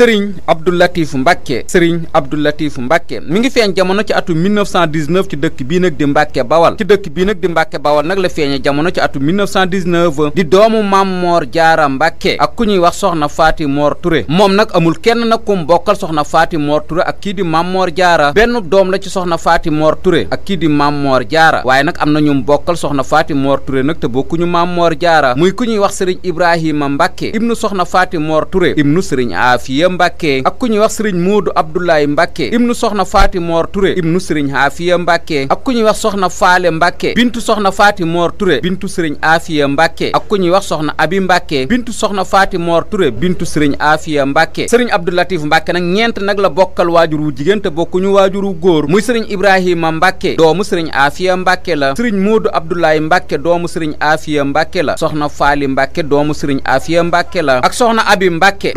Serigne Abdou Latif Mbacke Serigne Abdou Latif Mbacke mi ngi feeñ jamono ci atu 1919 ci dëkk bii nag di Mbacke Bawal ci dëkk bii nag di Mbacke Bawal nag la feeñee jamono ci atu 1919 di doomu Maam Moor Jaara Mbacke ak ku ñuy wax soxna Faati Moor Touré moom nag amul kenn nag ku mu bokkal soxna Faati Moor Touré ak kii di Maam Moor Jaara benn doom la ci soxna Faati Moor Touré ak kii di Maam Moor Jaara waaye nag am na ñu bokkal soxna Faati Moor Touré nag te bokkuñu Maam Moor Jaara muy ku ñuy wax Serigne Ibrahima Mbacke ibnu soxna Faati Moor Touré ibnu Serigne Afia Mbàkke ak ku ñuy wax sëriñ Moodu Abdoulaye Mbàkke ibnu soxna Faati Moor Ture ibnu sëriñ Aafiya Mbàkke ak ku ñuy wax soxna Faale Mbàkke bintu soxna Faati Moor Ture bintu sëriñ Aafiya Mbàkke ak ku ñuy wax soxna Abi Mbàkke bintu soxna Faati Moor Ture bintu sëriñ Aafiya Mbàkke sëriñ Abdou Latif Mbàkke nag ñeent nag la bokkal waajur wu jigéen te bokkuñu waajur wu góor muy sëriñ Ibrahima Mbàkke doomu sëriñ Aafiya Mbàkke la sëriñ Moodu Abdoulaye Mbàkke doomu sëriñ Aafiya Mbàkke la soxna Faali Mbàkke doomu sëriñ Aafiya Mbàkke la ak soxna Abi Mbàkke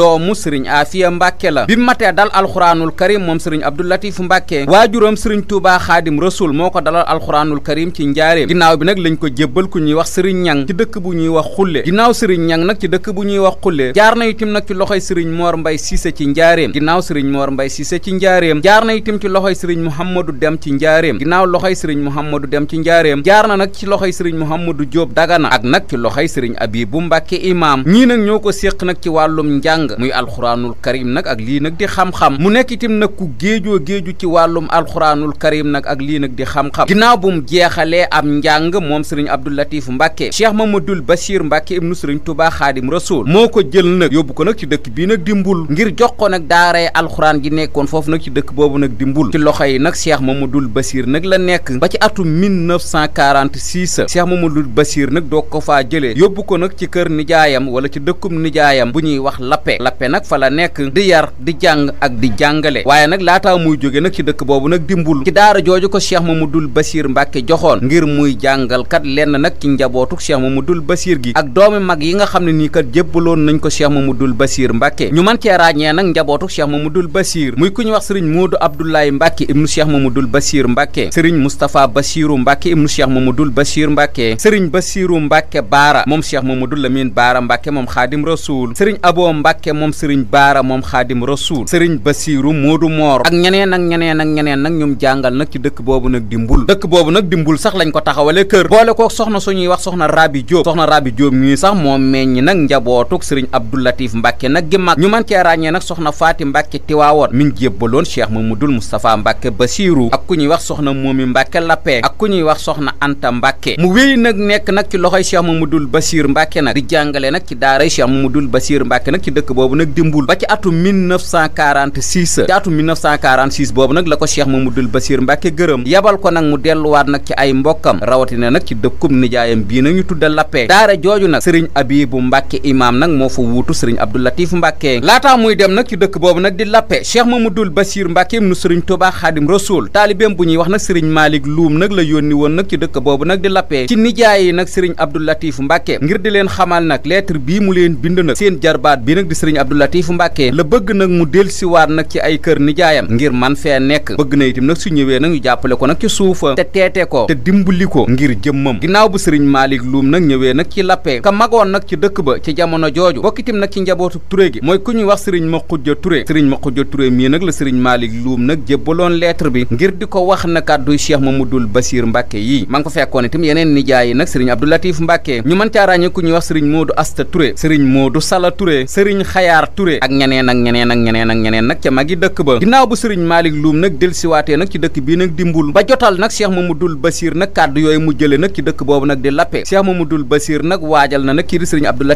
Roqiya Mbàkke la bi matee dal alxuraanul karim moom sëriñ Abdou Latif Mbàkke waajuram sëriñ Touba Xaadim Rasul moo ko dalal alxuraanul karim ci njaareem ginnaaw bi nag lañ ko jébbal ku ñuy wax sëriñ ñang ci dëkk bu ñuy wax xulle ginnaaw sëriñ ñang nag ci dëkk bu ñuy wax xulle jaar na itim nag ci loxoy sëriñ Moor Mbay Siise ci njaareem ginnaaw sëriñ Moor Mbay Siise ci njaareem jaar na itim ci loxoy sëriñ Muhammadu Dem ci njaareem ginnaaw loxo sëriñ Muhammadu Dem ci njaareem jaar na nag ci loxoy sëriñ Muhammadu Jóob Dagana ak nag ci loxoy sëriñ Abibu Mbàkke imaam ñii nag ñoo ko séq nag ci wàllum njàng muy alxuraanul karim nag ak lii nag di xam-xam mu nekk itam nag ku géejoo géeju ci wàllum alxuraanul karim nag ak lii nag di xam-xam ginnaaw bu mu jeexalee am njàng moom sëriñ Abdou Latif ma Cheikh Mamadul Bachir Mbàkke ibnu sëriñ Touba Xaadim Rasul moo ko jël nag yóbbu ko nag ci dëkk bii nag di mbul ngir jox ko nag daaree alxuraan ji nekkoon foofu nag ci dëkk boobu nag di mbul ci loxo yi nag ma Cheikh dul Bachir nag la nekk ba ci atum 1946 ma Mamadul Bachir nag doo ko faa jëlee yóbbu ko nag ci kër nijaayam wala ci dëkkum nijaayam bu ñuy wax lappe lappe nag fa la nekk nekk di yar di jàng ak di jàngale waaye nag laataa muy jóge nag ci dëkk boobu nag mbul ci daara jooju ko ma cheikh mamadul basir mbàkke joxoon ngir muy jàngalkat lenn nag ci njabootuk cheikh mamadul basir gi ak doomi mag yi nga xam ne nii kat jébbaloon nañ ko ma cheikh mamadul basir mbakke ñu man cee ràññee nag njabootuk cheikh mamadul basir muy ku ñu wax sëriñ moodu abdoulaye mbàkke ibnu cheikh mamadul basir mbàkke sëriñ moustapha basiru mbàkke ibnu cheikh mamadul basir mbàkke sëriñ basiru mbàkke baara moom cheikh mamadul lamin baara mbàkke moom xaadim rasul sëriñ aboo mbàkke moom sëriñ Touba moom xaadim rasuul sëriñ Basiiru Moodu Moor ak ñeneen ak ñeneen ak ñeneen nag ñoom jàngal nag ci dëkk boobu nag dimbul dëkk boobu nag dimbul mbul sax lañ ko taxawale kër boole ko soxna suñuy wax soxna Rabi Diop soxna Rabi Diop ñuy sax moom meññi nag njabootug sëriñ Abdou Latif Mbàkke nag gi mag ñu mën cee ràññee nag soxna Faati Mbàkke Tiwaawoon min jébbaloon Cheikh Mamadul Moustapha Mbàkke Basiiru ak ku ñuy wax soxna Moomi Mbàkke lappee ak ku ñuy wax soxna Anta Mbàkke mu wéy nag nekk nag ci loxoy Cheikh Mamadul Basiir Mbàkke nag di jàngale nag ci daaray Cheikh Mamadul Basiir Mbàkke nag ci dëkk boobu nag di atum 1946 ci atum 1946 boobu nag la ko Cheikh Mamadou Bassir Mbacke gërëm yabal ko nag mu delluwaat nag ci ay mbokkam rawatina nag ci dëkkub nijaayam bii nañu tudda lappee daara jooju nag sëriñ Abibu Mbacke imaam nag moo fa wuutu sëriñ Abdou Latif Mbacke muy dem nag ci dëkk boobu nag di lappe Cheikh Mamadou Bassir Mbacke nu sëriñ Touba Xaadim Rasul taalibeem bu wax nag sëriñ Malick Loum nag la yónni woon nag ci dëkk boobu nag di lappee ci nijaay yi nag sëriñ Abdou Mbàkke la bëgg nag mu dellusiwaat nag ci ay kër nijaayam ngir man fee nekk bëgg na itam nag su ñëwee nag ñu jàppale ko nag ci suufa te teete ko te dimbali ko ngir jëmmam ginnaaw bu sëriñ Malick Loum nag ñëwee nag ci lappe ka magoon nag ci dëkk ba ci jamono jooju bokk nag ci njabootu Touré gi mooy ku ñuy wax sëriñ Makhoudia Touré sëriñ Makhoudia Touré mii nag la sëriñ Malick Loum nag jébbaloon lettre bi ngir di ko wax na kàdduy Cheikh ma mu dul fekkoon itam yeneen yi nag sëriñ Abdou Latif Mbàkke ñu mën caa ràññee ku ñuy wax sëriñ Modou Asta Touré sëriñ Modou Sala Touré sëriñ Xayaar Touré ak ñeneen ak ñeneen ak ñeneen ak ñeneen nag ca magi dëkk ba ginnaaw bu sëriñ Malick Loum nag delsiwaatee nag ci dëkk bii nag di mbul ba jotal nag Cheikh Mamadou mu jële nag ci dëkk boobu nag di lappe Cheikh Mamadou Basir nag waajal na nag kii di sëriñ Abdou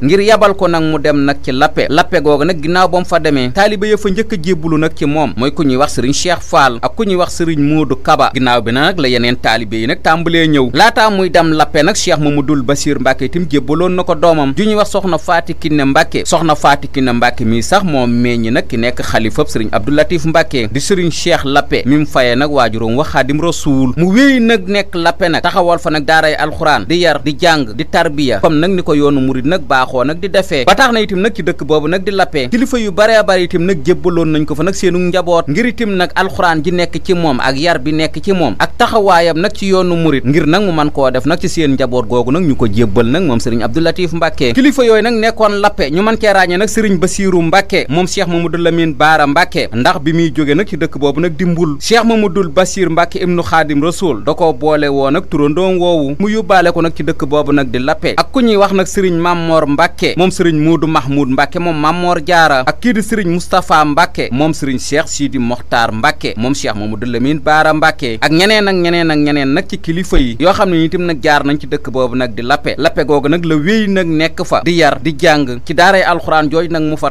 ngir yabal ko nag mu dem nag ci lappe lappe googu nag ginnaaw ba mu fa demee taaliba ya fa njëkk a jébbulu nag ci moom mooy ku ñuy wax sëriñ Cheikh Fall ak ku ñuy wax sëriñ Modou Kaba ginnaaw bi nag la yeneen taalibe yi nag tàmbalee ñëw laataa muy dem lappe nag Cheikh na ko doomam ju ñuy wax soxna Faati Kiné Mbàkke soxna Faati Mbacke mii sax moom meññi nag ki nekk xalifab sëriñ Abdou Latif Mbacke di sëriñ Cheikh Lappe mi mu fayee nag waajuróom wa Xaadim Rasuul mu wéy nag nekk Lappe nag taxawal fa nag daaray alxuraan di yar di jàng di tarbiya comme nag ni ko yoonu murid nag baaxoo nag di defee ba tax na itam nag ci dëkk boobu nag di Lappe kilifa yu bare bare itam nag jébbaloon nañ ko fa nag seenu njaboot ngir itam nag alxuraan ji nekk ci moom ak yar bi nekk ci moom ak taxawaayam nag ci yoonu murid ngir nag mën koo def nag ci seen njaboot googu nag ñu ko jébbal nag moom sëriñ Abdou Latif Mbacke Bassirou Mbacke moom Cheikh Mamadou Lamine Baara Mbacke ndax bi muy jóge nag ci dëkk boobu nag di Mbul Cheikh Mamadou Bassir Mbacke ibnu Xaadim Rasul da ko boole woo nag turandoom woowu mu yóbbaale ko nag ci dëkk boobu nag di Lappe ak ku ñuy wax nag sëriñ Mammoor Mbacke moom sëriñ Moodu Mahmoud Mbacke moom Mammoor Jaara ak kii di sëriñ Moustapha Mbacke moom sëriñ Cheikh Sidi Mokhtar Mbacke moom Cheikh Mamadou Lamine Baara Mbacke ak ñeneen ak ñeneen ak ñeneen nag ci kilifa yi yoo xam ne itam nag jaar nañ ci dëkk boobu nag di Lappe Lappe googu nag la wéy nekk fa di yar di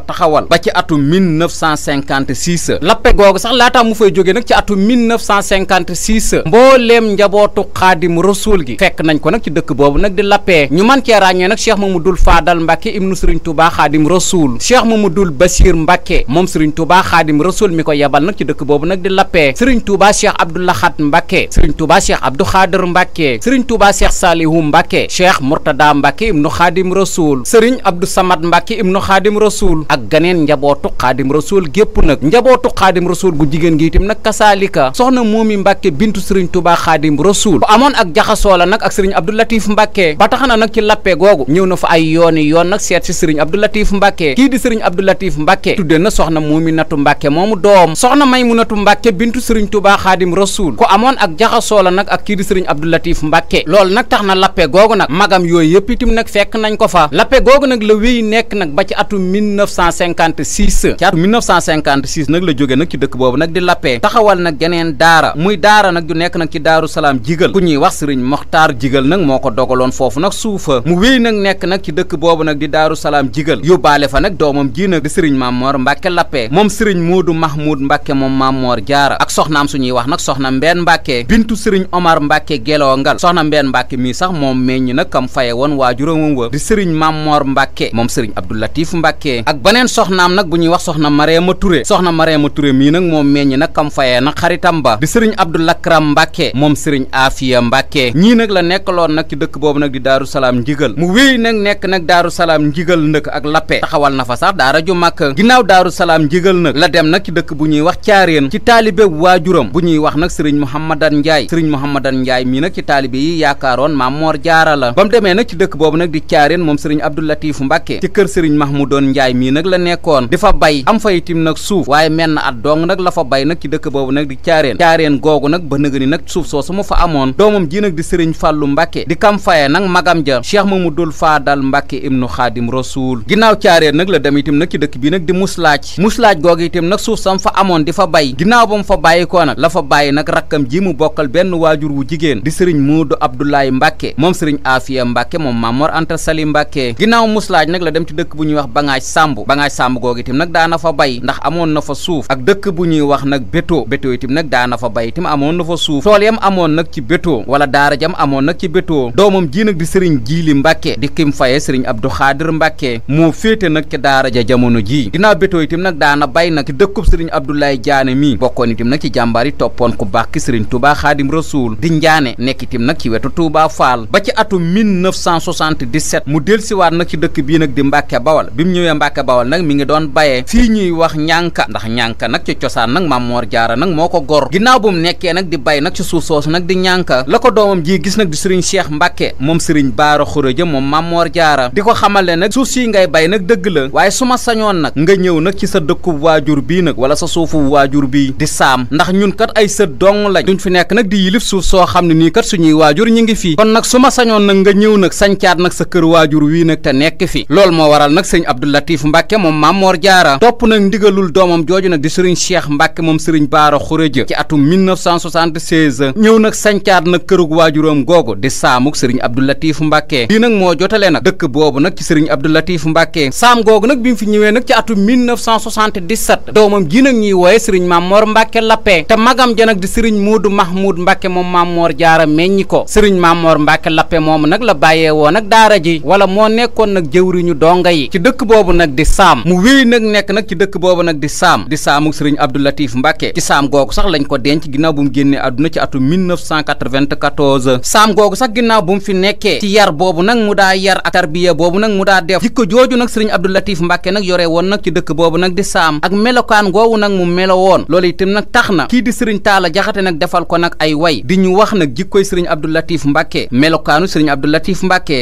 fa taxawal ba ci atum 1956 lappe googu sax laataa mu fay jógee nag ci atum 1956 mbooleem njabootu xaadim rasuul gi fekk nañ ko nag ci dëkk boobu nag di lappee ñu man cee ràññee nag cheikh mamadul faadal mbàkke ibnu sëriñ tubaa xaadim rasuul cheikh dul basir mbàkke moom sëriñ tubaa xaadim rasuul mi ko yebal nag ci dëkk boobu nag di lappee sëriñ tubaa cheikh abdoulahat mbàkke sëriñ tubaa cheikh abdou xaadir mbàkke sëriñ tubaa cheikh saalihu mbàkke cheikh murtada mbàkke ibnu xaadim rasuul sëriñ abdou samad mbàkke ibnu xaadim ak ganeen njabootu xaadim rasool gépp nag njabootu xaadim rasool gu jigéen gi itam nag kasaalika soxna moomi mbàkke bintu sëriñ tubaa xaadim rasool bu la nag ba tax na nag ci lappe googu ñëw na fa ay yooni yoon nag seet si sëriñ abdou latif mbàkke kii di sëriñ abdou latif mbàkke tudde na soxna moomi natu mbàkke moomu doom soxna may mu natu mbàkke bintu sëriñ tubaa xaadim rasool ku amoon ak jaxasoo la nag ak kii di sëriñ abdou latif mbàkke loolu nag tax na lappe googu nag magam yooyu yëpp itam nag fekk nañ ko fa lappe googu nag la wéy nekk nag ba ci atum 19 1956 ci at 1956 nag la jóge nag ci dëkk boobu nag di lappee taxawal nag geneen daara muy daara nag ju nekk nag ci daaru salaam jigal ku ñuy wax sëriñ moxtaar jigal nag moo ko dogaloon foofu nag suufa mu wéy nag nekk nag ci dëkk boobu nag di daaru salaam jigal yóbbaale fa nag doomam ji nag di sëriñ Mamor mbakke lappee moom sëriñ Moodu Mahmoud mbakke moom Mamor Jaara ak soxnaam suñuy wax nag soxna Mbeen Mbàkke bintu sëriñ Omar Mbàkke Gelongal soxna Mbeen Mbàkke mii sax moom meññ nag kam faye woon waajuramam wa di sëriñ Mamor Mbàkke moom sëriñ Abdou Latif Mbàkke ak beneen soxnaam nag bu ñuy wax soxna Mariama Touré soxna Mariama Touré mii nag moom meññi nag kam fayee nag xaritam ba di sëriñ Abdou Lakram Mbàkke moom sëriñ Afiya Mbàkke ñii nag la nekkaloon nag ci dëkk boobu nag di Daaru Salaam Njigal mu wéy nag nekk nag Daaru Salaam Njigal ndëkk ak Lappe taxawal na fa sax daara ju màkk ginnaaw Daaru Salaam Njigal nag la dem nag ci dëkk bu ñuy wax caareen ci taalibe waajuram bu ñuy wax nag sëriñ Mouhamadan Ndiaye sëriñ Mouhamadan Ndiaye mii nag ci taalibe yi yaakaaroon Maam Moor Jaara la ba mu demee nag ci dëkk boobu nag di caareen moom sëriñ Abdou Latif Mbàkke ci kër sëriñ Mahmoudoon Ndiaye mii nag la nekkoon di fa bay am fa itim nag suuf waaye menn at dong nag la fa bay nag ci dëkk boobu nag di caareen caareen googu nag ba nëga ni nag suuf soosu mu fa amoon doomam ji nag di sëriñ fàllu mbàkke di kam faye nag magam ja cheikh mamadul faadal mbàkke ibnu xaadim rasuul ginnaaw caareen nag la dem itim nag ci dëkk bi nag di muslaaj muslaaj googu itim nag suuf sam fa amoon di fa bay ginnaaw ba mu fa bàyyi koo nag la fa bàyyi nag rakkam ji mu bokkal benn waajur wu jigéen di sëriñ muudu abdoulaye mbàkke moom sëriñ aafiya mbàkke moom mamor anta sali mbàkke ginnaaw muslaaj nag la dem ci dëkk bu ñuy wax bangaaj sàmbu bangaaj sàmm googu itam nag daana fa bay ndax amoon na fa suuf ak dëkk bu ñuy wax nag bétoo bétoo itam nag na fa bay itam amoon na fa suuf tool yam amoon nag ci bétoo wala daara jam amoon nag ci bétoo doomam ji nag di sëriñ jiili mbàkke di kim faye sëriñ abdu xaadir mbàkke moo féete nag ci daara ja jamono jii ginnaaw bétoo itam nag daana bay nag ci dëkkub sëriñ abdoulaye jaane mi bokkoon itam nag ci jàmbaar yi toppoon ku baax ki sëriñ touba xaadim rasuul di njaane nekk itam nag ci wetu touba faal ba ci atum 1977 mu delsiwaat nag ci dëkk bii nag bi mu ñëwee mbàkke bawal nag mi ngi doon baye fii ñuy wax ñànka ndax ñànka nag ci cosaan nag maam Moor Jaara nag moo ko gor ginnaaw bu mu nekkee nag di bay nag ci suuf soosu nag di ñànka la ko doomam ji gis nag di sëriñ Cheikh Mbacke moom sëriñ Baara Xuraja moom maam Jaara di ko xamal nag su sii ngay bay nag dëgg la waaye su ma sañoon nag nga ñëw nag ci sa dëkku waajur bii nag wala sa suufu waajur bii di saam ndax ñun kat ay sët dong la duñ fi nekk nag di yilif suuf soo xam ne nii kat suñuy waajur ñi ngi fii kon nag su ma sañoon nag nga ñëw nag sañcaat nag sa kër waajur wii nag nekk fi loolu moo waral nag sëñ Abdou Latif Mbacke Mbàkke moom Mamor Jaara topp nag ndigalul doomam jooju nag di sëriñ Cheikh Mbàkke moom sëriñ Baara Xuréja ci atum 1976 ñëw nag sancaat nag kërug waajuram googu di saamuk sëriñ Abdou Latif Mbàkke lii nag moo jotale nag dëkk boobu nag ci sëriñ Abdou Latif Mbàkke saam googu nag bi fi ñëwee nag ci atum 1977 doomam ji nag ñuy wooye sëriñ Mamor Mbàkke Lappe te magam ja nag di sëriñ Muudu Mahmoud Mbàkke moom Mamor Jaara meññi ko sëriñ Mamor Mbàkke Lappe moomu nag la bàyyee nag daara ji wala moo nekkoon nag jëwriñu donga yi ci dëkk boobu nag saam mu wéy nag nekk nag ci dëkk boobu nag di saam di saamu sëriñ Abdou Latif Mbacke ci saam googu sax lañ ko denc ginnaw bu mu génnee àdduna ci atum 1994 saam googu sax ginnaaw bu mu fi nekkee ci yar boobu nag mu daa yar ak tarbiya boobu nag mu daa def jikko jooju nag sëriñ Abdou Latif Mbacke nag yore woon nag ci dëkk boobu nag di saam ak melokaan goowu nag mu melo woon loolu itam nag tax na kii di sëriñ Taala Jaxate nag defal ko nag ay way di ñu wax nag jikkoy sëriñ Abdou Latif Mbacke melokaanu sëriñ Abdou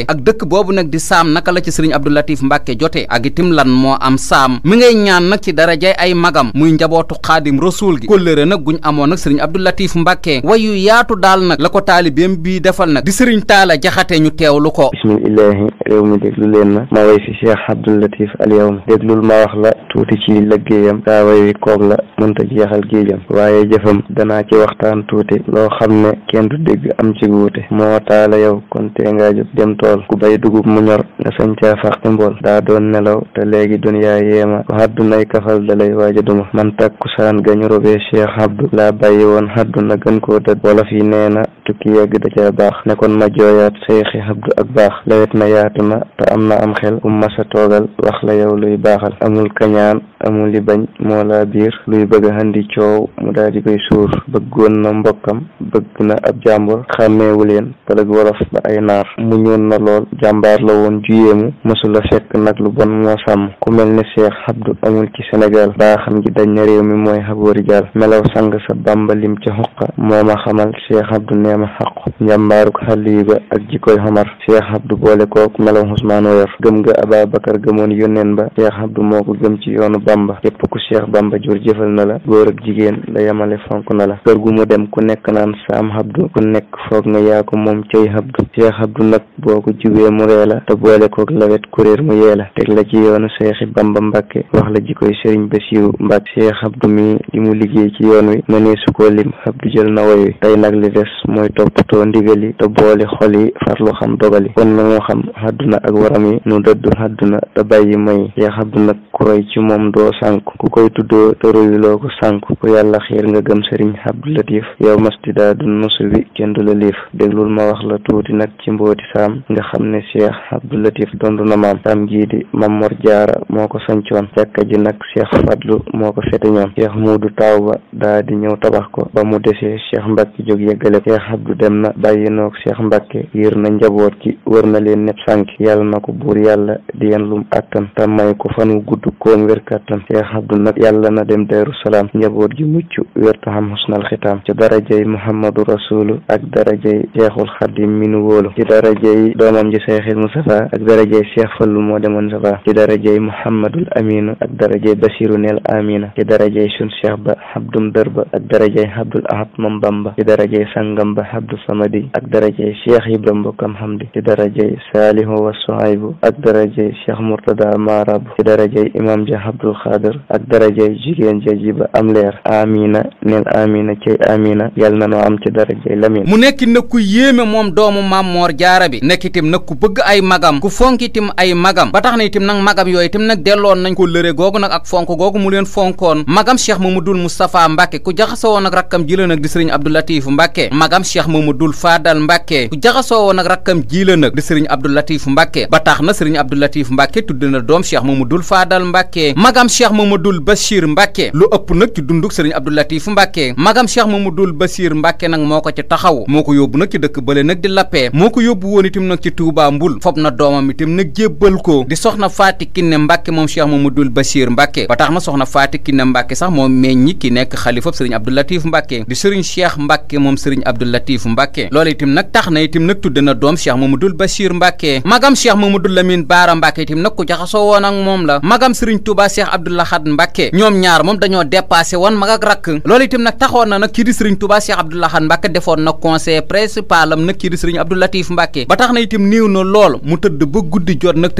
ak dëkk boobu nag di saam naka la ci sëriñ Abdou Latif Mbacke jote ak lan moo am saam mi ngay ñaan nag ci darajay ay magam muy njabootu xaadim rasuul gi kóllëre nag guñ amoon nag sëriñ Abdou mbakkee Mbàkke wayu yaatu daal nag la ko taalibeem bii defal nag di sëriñ Taala Jaxate ñu teewlu ko bismillahi réew mi déglu leen ma ma way si Cheikh Abdou Latif al yawm déglul ma wax la tuuti ci liggéeyam daa wayi koog la mënta jeexal géejam waaye jëfam danaa ci waxtaan tuuti loo xam ne kenn du dégg am ci guute moo taala yow kon tee ku bay dugub mu ñor aji duniya yeema ko haddunay kafal dalay waaja duma man takku saan gañuro be cheikh la laa bàyyi woon hadduna gën koo dëdd wolof yi nee na tukki yàgg da caa baax ne kon ma jooyaat cheikhi abdou ak baax lawet na yaatu na te am na am xel um masa toogal wax la yow luy baaxal amul kañaan amul li bañ moo laa biir luy bëgg handi coow mu daal di koy suur bëggoon na mbokkam bëgg na ab jàmbur xàmmeewu leen pëlëg wolof ba ay naar muñoon na lool jàmbaar la woon juyeemu ku mel ne Cheikh Abdou amul ci Sénégal baa xam ji dañ na réew mi mooy xabu rijaal melaw sang sa Bàmba lim ci xoq moo ma xamal Cheikh Abdou nee ma xaqu njàmbaaruk xaliyu ga ak jikoy xamar Cheikh Abdou boole kook melaw Ousmane Oyor gëm nga Ababakar gëmoon yónneen ba Cheikh Abdou moo ko gëm ci yoonu Bàmba képp ku seex Bàmba jur jëfal na la ak jigéen la yamale fonk nala la kër gu mu dem ku nekk naan saam Abdou ku nekk foog na yaa ko moom cey Abdou Cheikh Abdou nag boo ko jiwee mu ree la te boole kook lawet kuréer la teg la ci yoonu Cheikh Bamba Mbacke wax la jikoy Serigne Bassirou Mbacke Cheikh mi li mu liggéey na woyu tey nag li des mooy toppatoo ndigal yi te boole xol yi farlu xam dogal yi kon nañoo xam àdduna ak waram yi nu dëddu àdduna te bàyyi may Cheikh Abdou nag ku ci moom doo sànku ku koy tuddoo te royuloo ko sànku ku yàlla xiir nga gëm Serigne Abdou Latif yow mastidaa du nosu bi kenn du la liif déglul ma wax la tuuti nag ci mbooti saam nga xam ne Cheikh Abdou Latif dondu na maam saam jii di Jaara moo ko sancoon jàkka ji nag cheikh fadlu moo ko fetiñoon cheikh muudu taaw ba daa di ñëw tabax ko ba mu desee cheikh mbàkke jóg yëggale cheikh abdu dem na bàyyi noo cheikh mbàkke yiir na njaboot gi wër na leen nepp sànk yàlla na ko buur yàlla di yeen lum attan te may ko fan wu gudd koom wér kàttan cheikh abdu nag yàlla na dem daru salaam njaboot gi mucc wér ta xam xusnal xitaam ci darajey muhammadu rasulu ak darajey cheikhul xadim mi nu wóolu ci doomam ji seexil muhammadul aminu ak darajay basiru neel amina ci darajay sun cheikh ba habdum dër ba ak darajay habdul ahad mam bamba ci darajay sangam ba habdu samadi ak darajay cheikh ibram ba kam hamdi ci darajay saalihu wa sohaybu ak darajay cheikh murtada maarabu ci darajay imam ja habdul xaadir ak darajay jigéen ja ji ba am mu nekk nag yéeme moom doomu maam moor jaara bi nekk itam nag bëgg ay magam ku fonk itam ay magam ba tax na itam nag magam yooyu itam nag delloon nañ ko lëre googu nag ak fonk googu mu leen fonkoon magam cheikh mamadul moustapha mbàkke ku jaxasoo woon ak rakkam ji la nag di sëriñ abdou latif mbàkke magam cheikh mamadul faadal mbàkke ku jaxasoo woon ak rakkam ji la nag di sëriñ abdou latif mbàkke ba tax na sëriñ abdou latif mbàkke tudd na doom cheikh mamadul faadal mbàkke magam cheikh mamadul bachir mbàkke lu ëpp nag ci dunduk sëriñ abdou latif mbàkke magam cheikh mamadul bachir mbakke nag moo ko ci taxaw moo ko yóbbu nag ci dëkk bële nag di lappee moo ko yóbbu woon itam nag ci tuubaa mbul fob na doomam itam nag jébbal ko Mbacke moom Cheikh Mamadou Bachir Mbacke ba tax na soxna Faati Kiné Mbacke sax moom meññi ki nekk xalifab sëriñ Abdou Latif di sëriñ Cheikh Mbacke moom sëriñ Abdou Latif Mbacke loolu itam nag tax na itam nag tudd na doom Cheikh Mamadou Bachir Mbacke magam Cheikh Mamadou Lamine Baara Mbacke itam nag ku jaxasoo moom la magam sëriñ Touba Cheikh Abdou Lahad ñoom ñaar moom dañoo dépassé woon mag ak rakk na nag kii di sëriñ Touba Cheikh Abdou Lahad Mbacke defoon na conseil principal am nag kii di sëriñ Abdou Latif Mbacke ba tax na itam néew na lool mu tëdd nag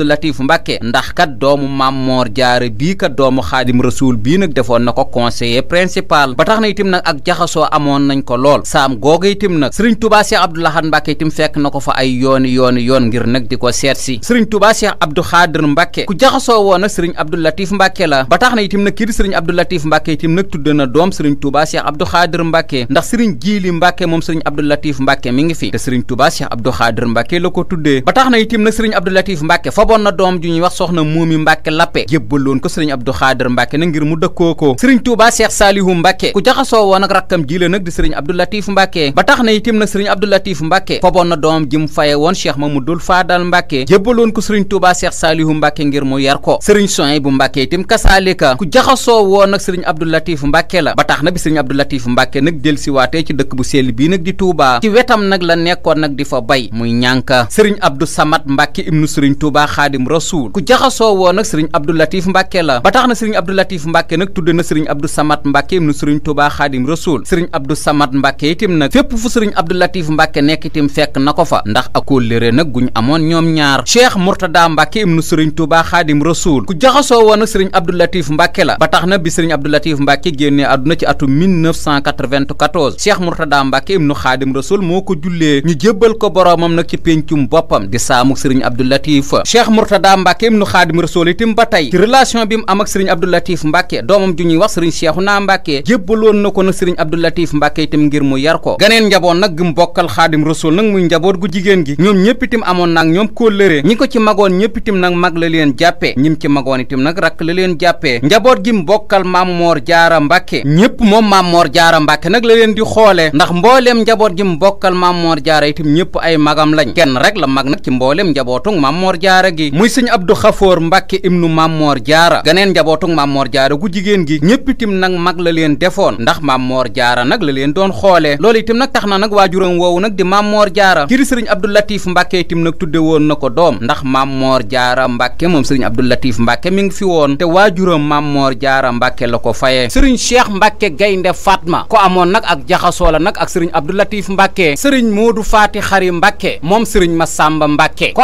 te conseiller ndax kat doomu maam Mor bii kat doomu xaadim rasuul bii nag defoon na ko conseiller principal ba tax na itam nag ak jaxasoo amoon nañ ko lool saam googa itam nag sëriñ Touba Cheikh Abdou Lahad Mbacke itam fekk na ko fa ay yooni yooni yoon ngir nag di ko seet si sëriñ Touba Cheikh Abdou Khadir Mbacke ku jaxasoo woon nag sëriñ Abdou Latif Mbacke la ba tax na itam nag kii di sëriñ Abdou Latif Mbacke nag tudd na doom sëriñ Touba Cheikh Abdou Khadir Mbacke ndax sëriñ Jili Mbacke moom sëriñ Abdou Latif Mbacke mi ngi fi te sëriñ Touba Cheikh Abdou Khadir Mbacke la ko tuddee ba tax na itam nag sëriñ Abdou Latif Mbacke faboon na doom wax soxna Moomi Mbàkke Lappe jébbaloon ko sëriñ Abdou Xaadir Mbàkke na ngir ak rakkam ji la nag di sëriñ ba tax na itim nag sëriñ Abdou Latif Mbàkke foboon na doom ji mu bu Mbàkke itim kasaalika ku jaxasoo woon ak sëriñ Abdou Latif Mbàkke la ba na bi sëriñ Abdou Latif Mbàkke nag delsiwaatee ci dëkk bu sell bii nag di Touba ci wetam nag la nekkoon nag di fa bay muy ñànka sëriñ Abdou Samad Mbàkke ibnu sëriñ Touba Xaadim Rasuul ku jaxasoo woon nag sëriñ Abdou Latif Mbacke la ba tax na sëriñ Abdou Latif Mbacke nag tudde na sëriñ Abdou Samad Mbacke ibnu sëriñ Touba Xaadim Rasul sëriñ Abdou Samad Mbacke itam nag fépp fu sëriñ Abdou Latif Mbacke nekk itam fekk na ko fa ndax ak kóllëre nag guñ amoon ñoom ñaar Cheikh Mourtada Mbacke ibnu sëriñ Touba Xaadim Rasul ku jaxasoo woon nag sëriñ Abdou Latif Mbacke la ba tax na bi sëriñ Abdou Latif Mbacke génnee àdduna ci atum 1994 Cheikh Mourtada Mbacke ibnu Xaadim Rasul moo ko jullee ñu jébbal ko boroomam nag ci péncum boppam di saamu sëriñ Abdou Latif Mbàkke ibnu Xaadim Rasuul itam ba tey ci relation bi mu am ak sëriñ Abdou Latif Mbàkke doomam ju ñuy wax sëriñ Seexuna Mbàkke jébbaloon na ko nag sëriñ Abdou Latif Mbàkke itam ngir mu yar ko ganeen njaboot nag gi mu bokkal Xaadim Rasuul nag muy njaboot gu jigéen gi ñoom ñëpp itam amoon nag ñoom kóllëre ñi ko ci magoon ñëpp itam nag mag la leen jàppee ñim ci magoon itam nag rakk la leen jàppee njaboot gi mu bokkal Maam Moor Jaara Mbàkke ñëpp moom Maam Moor Jaara Mbàkke nag la leen di xoole ndax mbooleem njaboot gi mu bokkal Maam Moor Jaara itam ñëpp ay magam lañ kenn rek la mag nag ci mbooleem njabootug xafoor mbàkke ibnu mammoor jaara ganeen njabootug mammoor jaara gu jigéen gi ñépp itam nag mag la leen defoon ndax mammoor jaara nag la leen doon xoolee loolu itam nag tax na nag waajuram woowu nag di mammoor jaara kiri sëriñ abdou latif mbàkke itam nag tudde woon na ko doom ndax mammoor jaara mbàkke moom sëriñ abdou latif mbàkke mi ngi fi woon te waajuram mammoor jaara mbàkke la ko fayee sëriñ cheikh mbàkke gaynde fatma ko amoon nag ak jaxasoo la nag ak sëriñ abdou latif mbàkke sëriñ moodu faati xari mbàkke moom sëriñ masamba mbàkke ko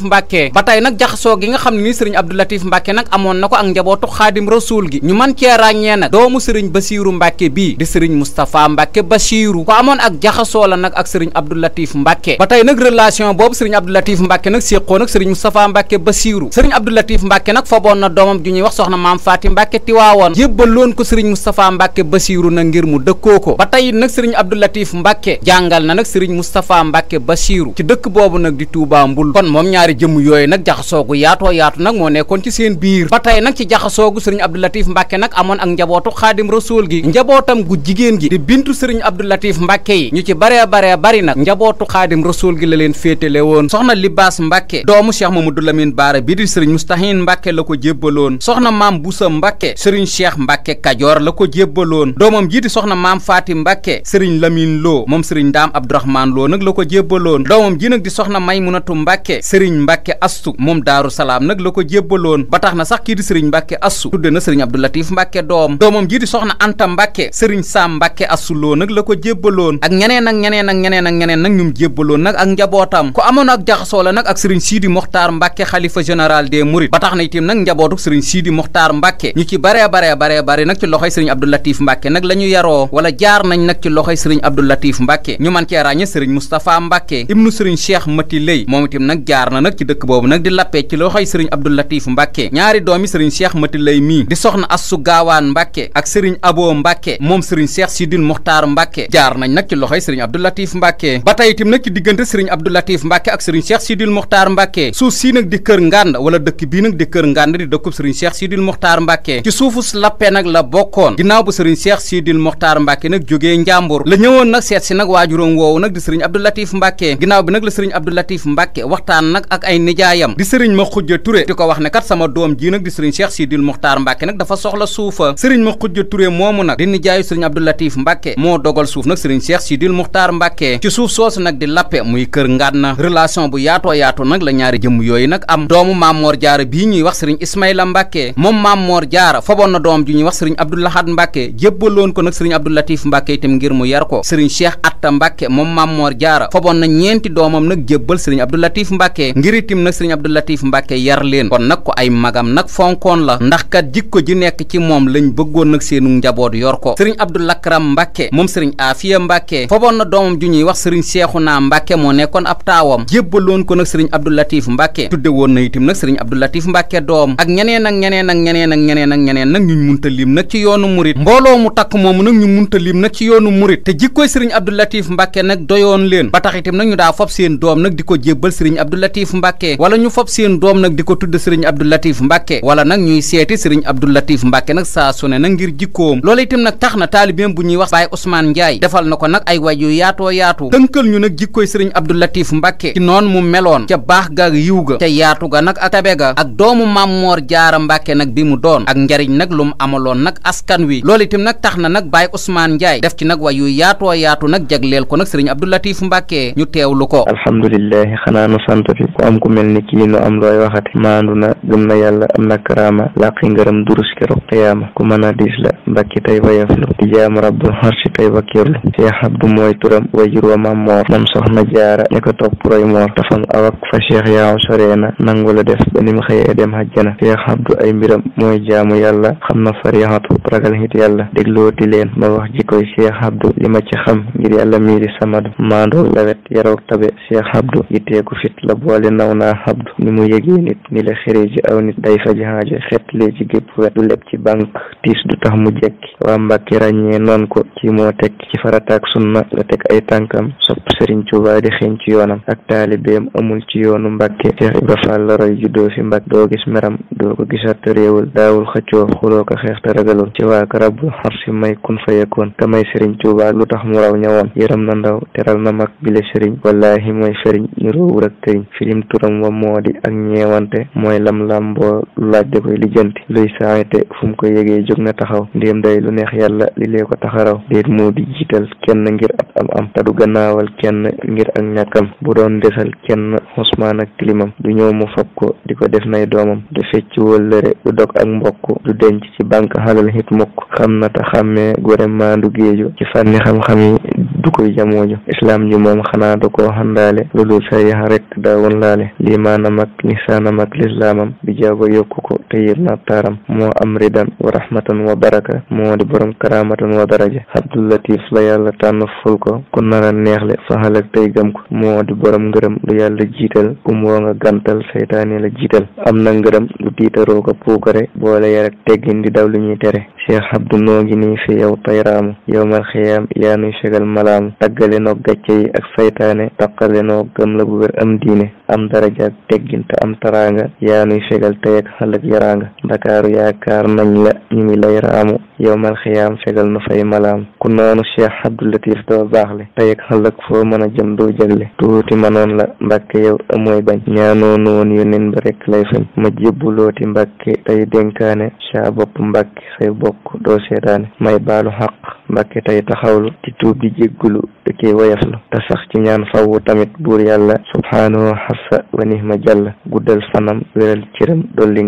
Latif Mbàkke ba tey nag jaxasoo gi nga xam ne ni sëriñ Abdou Latif Mbàkke nag amoon na ko ak njabootu xaadim rasuul gi ñu man cee ràññee nag doomu sëriñ Basiiru Mbàkke bii di sëriñ Moustapha Mbàkke Basiiru ko amoon ak jaxasoo la nag ak sëriñ Abdou Latif Mbàkke ba tey nag relation boobu sëriñ Abdou Latif Mbàkke nag séqoo nag sëriñ Moustapha Mbàkke Basiiru sëriñ Abdou Mbàkke nag foboon na doomam ju ñuy wax soxna Maam Faati Mbàkke Tiwaawoon yébbaloon ko sëriñ Moustapha na ngir mu dëkkoo ko ba tey nag sëriñ Abdou Latif Mbàkke jàngal na nag sëriñ Moustapha Mbàkke Basiiru ci ñaari jëmm yooyu nag jaxasoogu yaatoo yaatu nag moo nekkoon ci seen biir ba tey nag ci jaxasoogu sëriñ Abdou Latif nag amoon ak njabootu xaadim rasool gi njabootam gu jigéen gi di bintu sëriñ Abdou Latif Mbacke yi ñu ci baree baree bari nag njabootu xaadim rasool gi la leen féetale woon soxna Libaas Mbacke doomu Cheikh Mamadou Lamine Baara bi di sëriñ Moustahine Mbacke la ko jébbaloon soxna maam Boussa Mbacke sëriñ Cheikh Mbacke Kajoor la ko jébbaloon doomam ji di soxna maam Faati Mbacke sëriñ Lamine Lo moom sëriñ Daam Abdourahmane Lo nag la ko jébbaloon doomam ji nag di soxna Maymunatu Mbacke sëriñ sëriñ Mbacke Astu moom Daaru Salaam nag la ko jébbaloon ba tax na sax kii di sëriñ Mbacke Astu tudde na sëriñ Abdou Latif Mbacke doom doomam jii di soxna Anta Mbacke sëriñ Sam Mbacke Astu loo nag la ko jébbaloon ak ñeneen ak ñeneen ak ñeneen ak ñeneen nag ñum jébbaloon nag ak njabootam ko amoon ak jaxasoo la nag ak sëriñ Sidi Mokhtar Mbacke xalifa général des Mourides ba tax na itam nag njabootuk sëriñ Sidi Mokhtar Mbacke ñu ci baree baree baree bare nag ci loxoy sëriñ Abdou Latif Mbacke nag la ñu yaroo wala jaar nañ nag ci loxoy sëriñ Abdou Latif Mbacke ñu man cee ràññe sëriñ Moustapha Mbacke ibnu sëriñ Cheikh Mati Lay moom itam nag jaar na soxna nag ci dëkk boobu nag di lappee ci loxoy sëriñ Abdou Latif Mbàkke ñaari doomi sëriñ Cheikh Mati Lay mii di soxna Assu Gaawaan Mbàkke ak sëriñ Abo Mbàkke moom sëriñ Cheikh Sidil Muxtaar Mbàkke jaar nañ nag ci loxoy sëriñ Abdou Latif Mbàkke ba tey itam nag ci diggante sëriñ Abdou Latif Mbàkke ak sëriñ Cheikh Sidil Muxtaar Mbàkke suuf sii nag di kër ngànd wala dëkk bii nag di kër ngànd di dëkkub sëriñ Cheikh Sidil Muxtaar Mbàkke ci suufu lappee nag la bokkoon ginnaaw bu sëriñ Cheikh Sidil Muxtaar Mbàkke nag jógee Njàmbur la ñëwoon nag seet si nag waajuróom woowu nag di sëriñ Abdou Latif Mbàkke ginnaaw bi nag la sëriñ Abdou Latif Mbàkke waxtaan nag ak ay nijaayam di sëriñ ma xujja ture di ko wax ne kat sama doom ji nag di sëriñ Cheikh Sidil Muxtaar Mbàkke nag dafa soxla suufa sëriñ ma xujja Touré moomu nag di nijaayu sëriñ Abdou Latif Mbàkke moo dogal suuf nag sëriñ Cheikh Sidil Muxtaar Mbàkke ci suuf soosu nag di lappe muy kër Ngànna relation bu yaatoo yaatu nag la ñaari jëmm yooyu nag am doomu Mamor Jaara bii ñuy wax sëriñ Ismaïla Mbàkke moom Mamor Jaara foboon na doom ji ñuy wax sëriñ Abdou Lahad Mbàkke jébbaloon ko nag sëriñ Abdou Latif Mbàkke itam ngir mu yar ko sëriñ Cheikh Atta Mbàkke moom Mamor Jaara foboon na ñeenti doomam nag jébbal sëriñ Abdou Latif Mbàkke ngir itim nag sëriñ Abdou Latif Mbacke yar leen kon nag ko ay magam nag fonkoon la ndax kat jikko ji nekk ci moom lañ bëggoon nag seenu njaboot yor ko sëriñ Abdou Lakram Mbacke moom sëriñ Afia Mbacke foboon na doomam ju ñuy wax sëriñ Cheikhouna Mbacke moo nekkoon ab taawam jébbaloon ko nag sëriñ Abdou Latif Mbacke tudde woon na itim nag sëriñ Abdou Latif Mbacke doom ak ñeneen ak ñeneen ak ñeneen ak ñeneen ak ñeneen nag ñu munta lim nag ci yoonu murit mbooloo mu takk moomu nag ñu munta lim nag ci yoonu murit te jikkoy sëriñ Abdou Latif Mbacke nag doyoon leen ba tax itam nag daa seen doom nag di ko jébbal sëriñ Latif Mbacke wala ñu fob seen doom nag di ko tudd sëriñ Abdou Latif Mbacke wala nag ñuy seeti sëriñ Abdou Latif Mbacke nag saa ne nag ngir jikkoom loola itam nag tax na taalibeem bu ñuy wax Baye Ousmane Ndiaye defal na ko nag ay way yu yaatoo yaatu tënkal ñu nag jikkooy sëriñ Abdou Latif Mbacke ci mu meloon ca baax ga yiw ga ca yaatu ga nag ak tabe ga ak doomu Mammoor Jaara Mbacke nag bi mu doon ak njariñ nag lu mu amaloon nag askan wi loolu itam nag tax na nag Baye Ousmane Ndiaye def ci nag way yu yaatoo yaatu nag jagleel ko nag sëriñ Abdou Latif Mbacke ñu teewlu ko ku am ku mel ni kii nu waxate maandu na gëm na yàlla am na karaama làqi ngërëm durus keroog qiyaama ku mën a diis la mbakki tey wayaflu di jaam rabbul xarsi tey wakkirlu cheikh abdu mooy turam wajur wa mam moor moom soxna jaara ña ko topp roy moor tafam awak fa cheikh yaaw soree na la def ba ni mu xëyee dem hajjana cheikh abdu ay mbiram mooy jaamu yàlla xam na farihatu ragal nit yàlla déglooti leen ma wax jikoy cheikh abdu li ci xam ngir yàlla naw naa xabdu ni mu yëgee nit ni la xëree ji aw nit day faji xaaja xetlee ci gépp wet du leb ci banque tiis du tax mu jekki waa mbàkki ràññee noon ko ci moo teg ci farataak sunna la teg ay tànkam sopp sëriñ Tuubaa di xeeñ ci yoonam ak taalibeem amul ci yoonu mbàkke Seex Ibra Faal la roy juddoo fi mbàkk doo gis meram doo ko gisaat réewul daawul xëccoo xuloo ko xeex te ragalul ci waa karabul xar si may kun fayekoon te may sëriñ Tuubaa tax mu raw ndaw teral na mag bile sëriñ wallaahi am turam wa moo di ak ñeewante mooy lam làmboo laaj da koy lijjanti luy saayate fu mu ko yégee jóg na taxaw ndéem day lu neex yàlla li lee ko taxaraw déet moo di jiital kenn ngir ab am am gannaawal kenn ngir ak ñàkkam bu doon desal kenn xusmaan ak tilimam du ñëw mu fab ko di ko def nay doomam du fecc wëllëre du dog ak mbokk du denc ci banque xalal hit mukk xam na te xàmmee gore maandu ci fànni xam-xam yi du koy jamooju islam ji moom xanaa da xandaale lu suturaale limaanam ak lisaanam ak lislaamam bi jaago yokku ko te yër na taaram moo am ridan wa rahmatan wa baraka moo di borom karamatan wa daraja abdul latif la yàlla tànn ful ko ku nara neexle saxal ak tey gëm ko moo di borom ngërëm lu yàlla jiital kum woo nga gàntal seytaane la jiital am na ngërëm lu tiitaroo ko puukare boole yar ak teggin tere Cheikh Abdou noo ngi nii fi yow tayraamu yowmal xiyaam yaa nuy fegal malaamu taggale noo gàcce yi ak saytaane taqale noo gëm la bu wér am diine am daraja teggin am taraanga yaa nuy fegal tey ak xalëg yaraanga yaakaar nañ la ñu lay raamu yowmal xiyaam fegal nu malaamu ku noonu Cheikh Abdou Latif doo baaxle tey ak xalëg foo mën a jëm doo jagle tuuti manoon la mbàkke yow amooy bañ ñaanoonu woon yónneen ba rekk lay fañ ma jébbulooti mbàkke tey dénkaane saa bopp mbàkke say bopp mukk doo seetaane may baalu xaq mbakke tey taxawlu ci tuub di jéggulu ki woyefal te sax ci ñaan faww tamit buur yàlla subhaanahu xassa wa nihma jàll guddal fanam wéral cëram dolli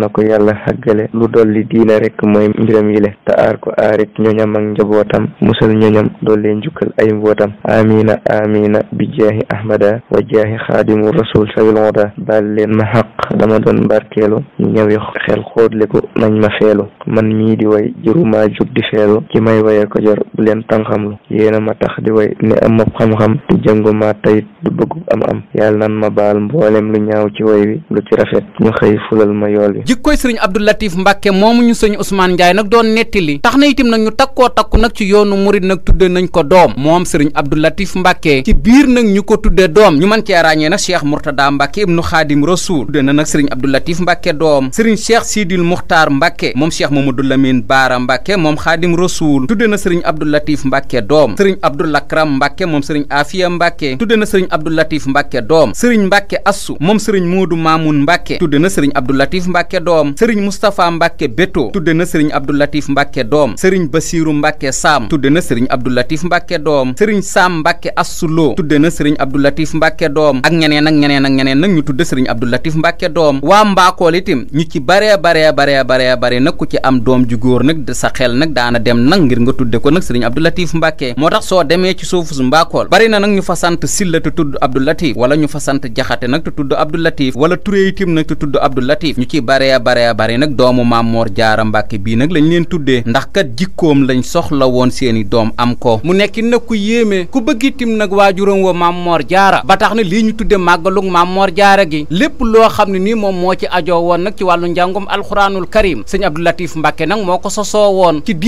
na ko yàlla xàggale lu dolli diina rekk mooy mbiram yile te aar ko aarit ñoñam ak njabootam musal ñoñam dolli njukkal ay mbootam amina amina bi jaahi ahmada wa jaahi xaadimu rasul sawil ngoda baal ma xaq dama doon barkeelu ñawi xel xóotle ko nañ ma feelu man mii way jëru maa seelu ci may way ko jor bu leen tanxamlu yéena ma tax di way ne am mab xam-xam te jëngu ma tayit du bëggu am am yàlla nan ma baal mboolem lu ñaaw ci way wi lu ci rafet ñu xëy fulal ma yool wi jikkoy sëriñ Abdou Latif Mbacke moomu ñu sëñ Ousmane Ndiaye nag doon nettali tax na itam nag ñu takkoo takku nag ci yoonu murit nag tudde nañ ko doom moom sëriñ Abdou Latif Mbacke ci biir nag ñu ko tudde doom ñu mën cee ràññee nag Cheikh Mourtada Mbacke ibnu Xaadim Rasul tudde na nag sëriñ Abdou Latif Mbacke doom sëriñ Cheikh Sidil Muxtaar Mbacke moom Cheikh Mamadou Lamine Baara Mbacke xaadim rasuul tudde na sëriñ Abdou Latif Mbacke doom sëriñ Abdou Lakram Mbacke moom sëriñ Afia Mbacke tudde na sëriñ Abdou Latif Mbacke doom sëriñ Mbacke Assu moom sëriñ Moodu Mamoun Mbacke tudde na sëriñ Abdou Latif Mbacke doom sëriñ Moustapha Mbacke Beto tudde na sëriñ Abdou Latif Mbacke doom sëriñ Basiiru Mbacke Saam tudde na sëriñ Abdou Latif Mbacke doom sëriñ Saam Mbacke Assu Lo tudde na sëriñ Abdou Latif Mbacke doom ak ñeneen ak ñeneen ak ñeneen nag ñu tudde sëriñ Abdou Latif Mbacke doom waa Mbaakool itam ñu ci baree baree baree baree bare nag ku ci am doom ju góor nag sa xel nag daana dem nag ngir nga tudde ko nag sëriñ Abdou Latif Mbacke moo tax soo demee ci suufu su Mbackool bari na nag ñu fa sant Silla te tudd Abdou Latif wala ñu fa sant Jaxate nag te tudd Abdou Latif wala Touré itim nag te tudd Abdou Latif ñu ciy bare bare bare nag doomu Maam Moor Jaara Mbacke bii nag lañ leen tuddee ndax kat jikkoom lañ soxla woon seeni doom am ko mu nekkin nag ku yéeme ku bëgg itim nag waajuram wa Maam Moor Jaara ba tax na lii ñu tudde màggalug Maam Moor Jaara gi lépp loo xam ne nii moom moo ci ajoo woon nag ci wàllu njàngum alxuraanul karim sëñ Abdou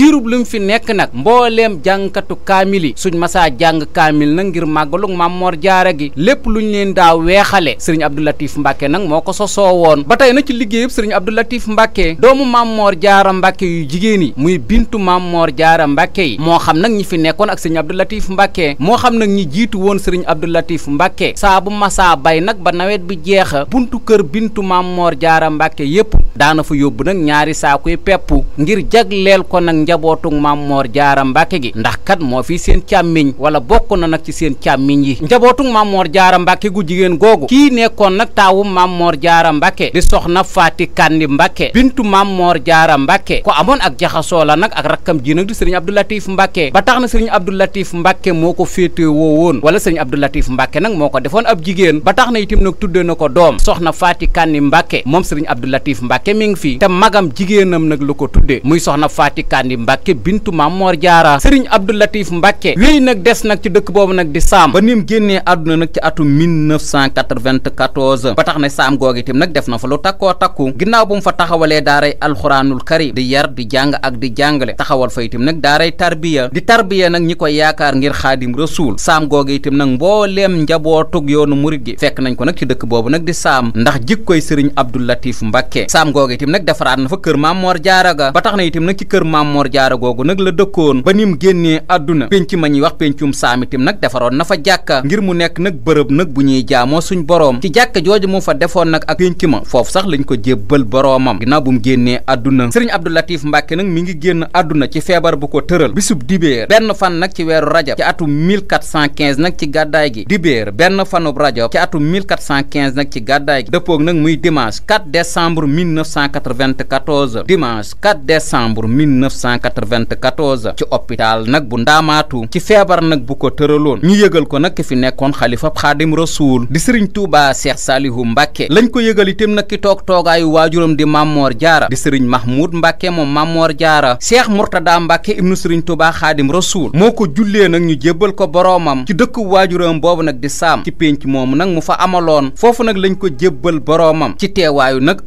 diirub lu mu fi nekk nag mbooleem jàngkatu kaamili yi suñ masaa jàng kaamil na ngir màggalug Maam Mor Jaara gi lépp luñ leen daa weexale sëriñ Abdou Latif nag moo ko sosoo woon ba tey na ci liggéeyub sëriñ Abdou Latif doomu Maam Jaara Mbacke yu jigéen yi muy bintu Maam Mor Jaara Mbacke yi moo xam nag ñi fi nekkoon ak sëriñ Abdou Latif moo xam nag ñi jiitu woon sëriñ Abdou Latif Mbacke saa bu masaa bay nag ba nawet bi jeexa buntu kër bintu Maam Mor Jaara Mbacke yépp daana fa yóbbu nag ñaari saakuy pepp njabootug maam moor jaara kat moo fi seen càmmiñ wala bokk na nag ci seen càmmiñ yi njabootug maam jaara mbàkke gu jigéen googu kii nekkoon nag taawu maam moor jaara mbàkke di soxna faati kandi mbàkke bintu maam moor jaara mbàkke ko amoon ak jaxasoo la nag ak rakkam ji nag di sëriñ abdou latif ba tax na sëriñ abdou mbakke moo ko féete woon wala sëriñ abdou latif mbàkke nag moo ko defoon ab jigéen ba tax na itim nag tudde na ko doom soxna faati kandi mbàkke moom sëriñ abdou latif mbàkke fi te magam jigéenam nag lu ko tudde muy soxna faati kandi Mbacke bintu Maam Moor Jaara Serigne Abdou Latif wéy nag des nag ci dëkk boobu nag di saam ba nim génnee àdduna nag ci atum 1994 ba tax na saam googu itam nag def na fa lu takkoo takku ginnaaw bu mu fa taxawalee daaray alxuraanul karim di yar di jàng ak di jàngale taxawal fa itam nag daaray tarbiya di tarbiya nag ñi koy yaakaar ngir xaadim rasuul saam googu itam nag mbooleem njabootug yoonu murit gi fekk nañ ko nag ci dëkk boobu nag di saam ndax j Serigne Abdou Latif Mbacke saam googu itam nag defaraat na nag ci kër Maam jaaro googu nag la dëkkoon ba ni mu génnee àdduna pénc ma ñuy wax péncum saamitim nag defaroon na fa jàkka ngir mu nekk nag bërëb nag bu ñuy jaamoo suñ boroom ci jàkka jooju mu fa defoon nag ak pénc ma foofu sax lañ ko jébbal boroomam ginnaaw bu mu génnee àdduna sëriñ Abdou Latif Mbàkke nag mi ngi génn àdduna ci feebar bu ko tëral bisub dibéer benn fan nag ci weeru rajab ci atum 1415 nag ci gàddaay gi dibéer benn fanub rajab ci atum 1415 nag ci gàddaay gi dëppoog nag muy dimanche 4 décembre 1994 dimanche 4 décembre 1994 1994 ci hôpital nag bu ndaamaatu ci feebar nag bu ko tëraloon ñu yëgal ko nag ki fi nekkoon xalifab xaadim rasuul di sëriñ Touba Cheikh Salihu Mbacke lañ ko yëgal itam nag ki toog toogaayu waajuram di Mamor Diarra di sëriñ Mahmoud Mbacke moom Mamor Diarra Cheikh Mourtada Mbacke ibnu sëriñ Touba xaadim rasuul moo ko jullee nag ñu jébbal ko boroomam ci dëkk waajuram boobu nag di saam ci pénc moomu nag mu fa amaloon foofu nag lañ ko jébbal boroomam ci teewaayu nag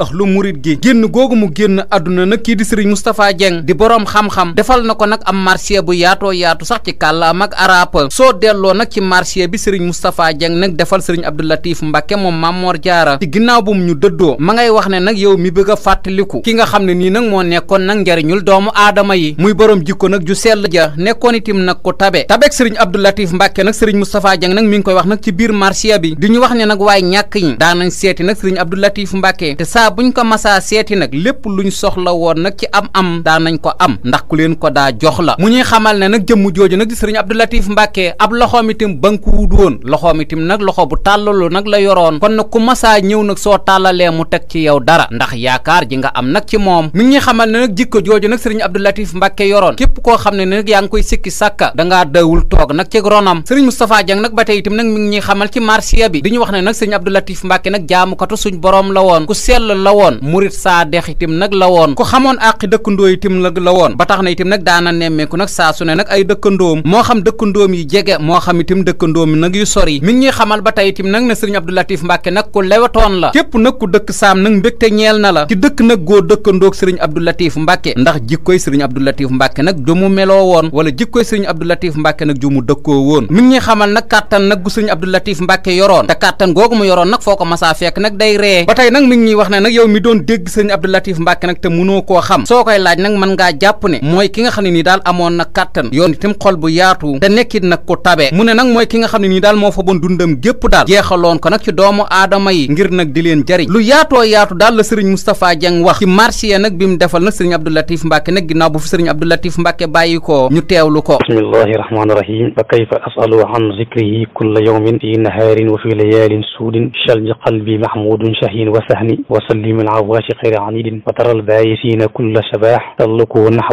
xam-xam defal na ko nag am marché bu yaatoo yaatu sax ci kàllaam ak arab soo delloo nag ci marché bi sëriñ Moustapha Dieng nag defal sëriñ Abdou Latif Mbacke moom Mamor Diarra ci ginnaaw bu mu ñu dëddoo ma ngay wax ne nag yow mi bëgg fàttaliku ki nga xam ne nii nag moo nekkoon nag njariñul doomu aadama yi muy borom jikko nag ju sell ja nekkoon itim nag ko tabe tabeek sëriñ Abdou Latif Mbacke nag sëriñ Moustapha Dieng nag mi ngi koy wax nag ci biir marché bi di ñu wax ne nag waaye ñàkk ñi daanañ seeti nag sëriñ Abdou Latif Mbacke te saa buñ ko masaa seeti nag lépp luñ soxla woon nag ci am am daanañ ko am ndax ku leen ko daa jox la mu ñuy xamal ne nag jëmm jooju nag di sëriñ Abdou Latif Mbacke ab loxoom itam banku wud woon loxoom itam nag loxo bu tàllalu nag la yoroon kon nag ku masaa ñëw nag soo tàllalee mu teg ci yow dara ndax yaakaar ji nga am nag ci moom mi ngi xamal ne nag jikko jooju nag sëriñ Abdou Latif yoroon képp koo xam ne nag yaa ngi koy sikki sàkka dangaa dawul toog nag ci ronam sëriñ Moustapha Dieng nag ba tey itam nag mu ngi ñuy xamal ci marsiya bi di ñu wax ne nag sëriñ Abdou Latif Mbacke nag jaamukatu suñ boroom la woon ku sell la woon murit saa dex itam nag la woon ku xamoon àqi dëkkandoo itam nag la woon ba tax na itam nag daana nemmeeku nag saa su ne nag ay dëkkandoom moo xam dëkkandoom yi jege moo xam itam dëkkandoom yi nag yu sori mi ngi xamal ba tey itam nag ne sëriñ Abdou Latif Mbàkke nag ku lewetoon la képp nag ku dëkk saam nag mbégte ñeel na la ci dëkk nag goo dëkkandoog sëriñ Abdou Latif Mbàkke ndax jikkoy sëriñ Abdou Latif Mbàkke nag du mu meloo woon wala jikkoy sëriñ Abdou Latif Mbàkke nag ju mu dëkkoo woon mi ngi ñuy xamal nag kàttan nag gu sëriñ Abdou Latif Mbàkke yoroon te kàttan googu mu yoroon na foo ko masaa fekk nag day ree ba tey nag mi ngi ñuy wax ne nag yow mi doon dégg sëriñ Abdou Latif Mbàkke nag te mënoo koo xam soo koy laaj nag mën ne mooy ki nga xam ne nii amoon na kàttan yoon itam xol yaatu te nekkit nag ku tabe mu ne nag mooy ki nga xam ne nii daal moo fa bon dundam gépp daal jeexaloon ko nag ci doomu aadama yi ngir nag di jariñ lu yaatoo yaatu daal la sëriñ Moustapha wax ci marché ya nag bi mu defal nag sëriñ Abdou Latif Mbacke nag ginnaaw bu fi sëriñ Abdou Latif Mbacke ko ñu teewlu ko bismillahi rahmaani rahim fa kayfa asalu an zikrihi kulla yawmin fi nahaarin wa fi layaalin suudin shalji qalbi mahmudun shahin wa sahni wa sallim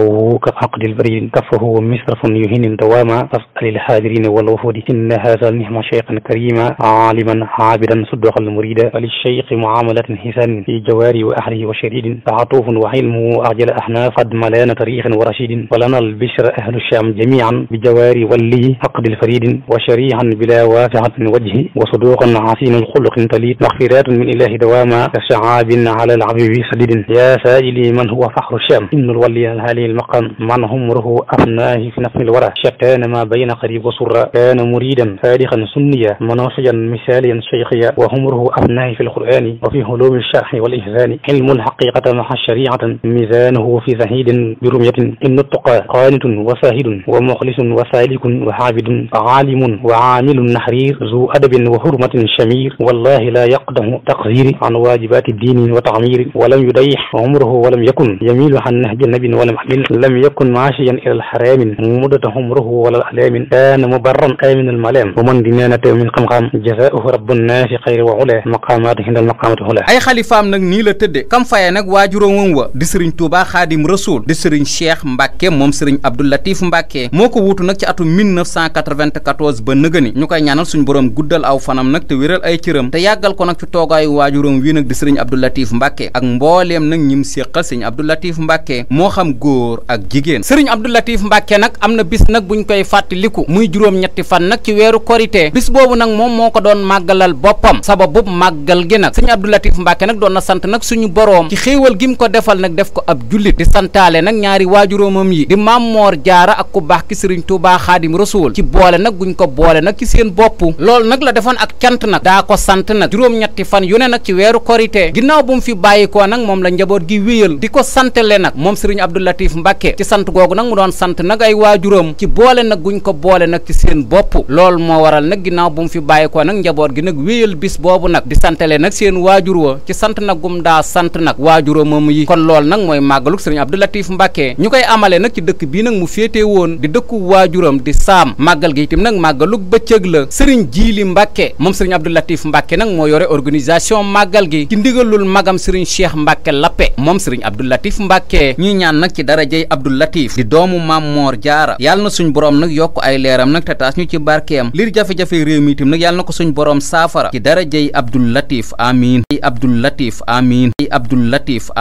كفه كفقد البريد كفه مصرف يهين دواما فاسأل الحاضرين والوفود إن هذا النعم شيخا كريما عالما عابدا صدق المريد فللشيخ معاملة حسان في جواري وأهله وشريد تعطوف وعلمه أعجل أحناف قد ملانا تاريخ ورشيد ولنا البشر أهل الشام جميعا بجواري ولي فقد الفريد وشريعا بلا وافعة وجه وصدوقا عسين الخلق تليد مغفرات من إله دواما كشعاب على العبيب سديد يا سائلي من هو فخر الشام إن الولي الهالي المقام منهم روح أفناه في نفس الورى شتان ما بين قريب وسرى كان مريدا فارغا سنيا مناصيا مثاليا شيخيا وهم روح أفناه في القرآن وفي علوم الشرح والإحسان علم الحقيقة مع الشريعة ميزانه في زهيد برمية إن التقى قانت وساهد ومخلص وسالك وحافد عالم وعامل نحرير ذو أدب وحرمة شمير والله لا يقدم تقصير عن واجبات الدين وتعمير ولم يديح عمره ولم يكن يميل عن نهج النبي ولم يحمل lam yakun maashiyan ilal xaraamin mudata xumruhu wala alaamin kaana mubarran amin almalaam bu mën di nee na teew min xam-xam jasaahu rabbu naasi xayri wa ula maqaamaatu hindal ay xalifaam nag nii la tëdde kam faye nag waajuróomam wa di sëriñ Tuubaa Xaadim Rasuul di sëriñ Cheikh Mbàkke moom sëriñ Abdou Latif moo ko wuutu nag ci atum 1994 ba nëgëni ñu koy ñaanal suñu borom guddal aw fanam nag te wéral ay cëram te yàggal ko nag ci toogaayu waajuróom wii góor ak jigéen sëriñ Abdou Latif Mbàkke nag am na bis nag buñ koy fàttaliku muy juróom-ñetti fan nag ci weeru korité bis boobu nag moom moo ko doon màggalal boppam sababub màggal gi nag sëriñ Abdou Latif Mbàkke nag doon na sant nag suñu boroom ci xéewal gi mu ko defal nag def ko ab jullit di santaale nag ñaari waajuróomam yi di maam Moor Jaara ak ku baax ki sëriñ Tuubaa Xaadim Rasuul ci boole nag guñ ko boole nag ci seen bopp loolu nag la defoon ak cant nag daa ko sant nag juróom-ñetti yu ne nag ci weeru korité ginnaaw bu mu fi bàyyikoo nag la njaboot gi wéyal di Mbàkke ci sant googu nag mu doon sant nag ay waajuram ci boole nag guñ ko boole nag ci seen bopp loolu moo waral nag ginnaaw bu mu fi bàyyi ko nag njaboot gi nag wéyal bis boobu nag di santale nag seen waajur wa ci sant nag gum daa sant nag waajuramam yi kon loolu nag mooy màggaluk sëriñ Abdou Latif Mbàkke ñu koy amale nag ci dëkk bii nag mu féete woon di dëkku waajuram di saam màggal gi itam nag màggaluk bëccëg la sëriñ Jiili mbakke moom sëriñ Abdou Latif Mbàkke nag moo yore organisation màggal gi ci ndigalul magam sëriñ Cheikh Mbàkke Lappe moom sëriñ Abdou Latif Mbàkke Gueye Abdoul Latif di doomu Maam Moor Jaara yàlla na suñ boroom nag yokk ay leeram nag te taas ñu ci barkeem liir jafe-jafe réew mi itam nag yàlla na ko suñ boroom saafara ci dara jëy Abdoul Latif amiin Abdoul Latif amiin Abdoul Latif